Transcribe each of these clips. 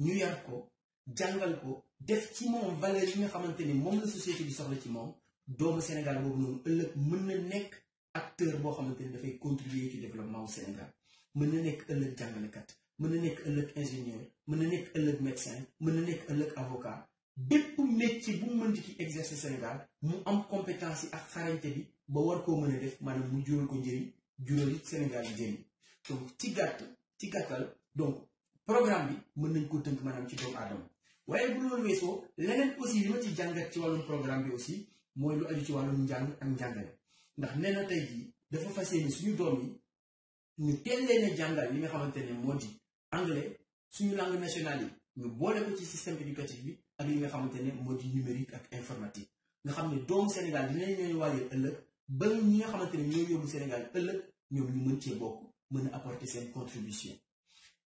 New York, ko ko def ci moom valeur yi nga xamanteni mom la société bi soxla ci mom doomu Sénégal boobu noonu ëllëg mën na nekk acteur boo xamanteni dafay contribuer ci développement wu Sénégal mën na nekk ëllëg jàngalekat mën na nekk ëllëg ingénieur mën na nekk ëllëg médecin mën na nekk ëllëg avocat bépp métier bu mu mën di ci exercer Sénégal mu am compétence yi ak xarañte bi ba war koo mën a def maanaam mu jural ko njëriñ jural it Sénégal njëriñ donc ci gàtt ci gàttal donc. programme bi mën nañ koo tënk maanaam ci doomu aadama waaye bu loolu weesoo leneen aussi li ma ci jàngat ci wàllum programme bi aussi mooy lu aju ci wàllum njàng ak njàngale ndax nee na tey jii dafa fas yéene suñu doom yi ñu teel leen jàngal li nga xamante ne moo di anglais suñu langue nationale yi ñu boole ko ci système éducatif bi ak li nga xamante ne moo di numérique ak informatique nga xam ne doomu Sénégal dinañ leen waajal ëllëg ba ñi nga xamante ne ñoo yóbbu ëllëg ñoom ñu mën cee bokk mën a apporter seen contribution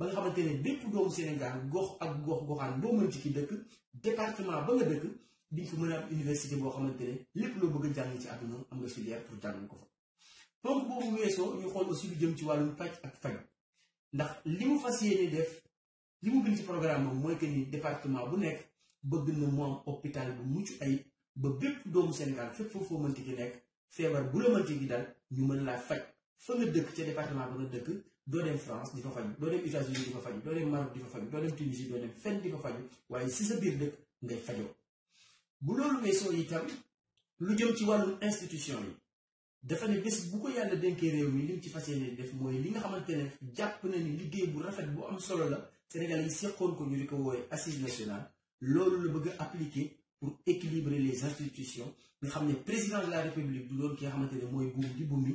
ba nga xamante bépp doomu Sénégal gox ak gox goxaan boo mën ci ki dëkk département ba nga dëkk di nga ko mën a am université boo xamante ne lépp loo bëgg a jàng ci àdduna am nga filière pour jàng ko fa. donc boobu weesoo ñu xool aussi lu jëm ci wàllum pàcc ak faj ndax li mu fas yéene def li mu bind ci programme am mooy que nii département bu nekk bëgg na mu am hôpital bu mucc ay ba bépp doomu Sénégal fépp foofu mënti gi nekk feebar bu la mënti gi ñu mën laa fa nga dëkk ca département ba doo France di fa faju doo dem États-Unis di fa faju doo Maroc di fa faju doo Tunisie doo fen fenn di fa faju waaye si sa bir dëkk ngay fajoo bu lolou loolu weesoo itam lu jëm ci walu institution yi dafa ne bés bu ko yalla denké rew mi lim ci fas def moy li nga xamante japp na ni liggéey bu rafet bu am solo la Sénégal yi seqoon ko ñu di ko wooye assise nationale lolou lu bëgg appliquer pour équilibrer les institutions nga xamné président de la république du doon ki nga xamante ne mooy buum di bumi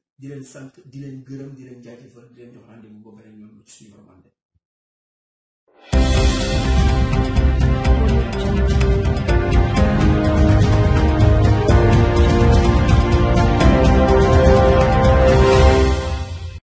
di leen sant di leen gërëm di leen jaajëfal di leen jox rendez-vous ba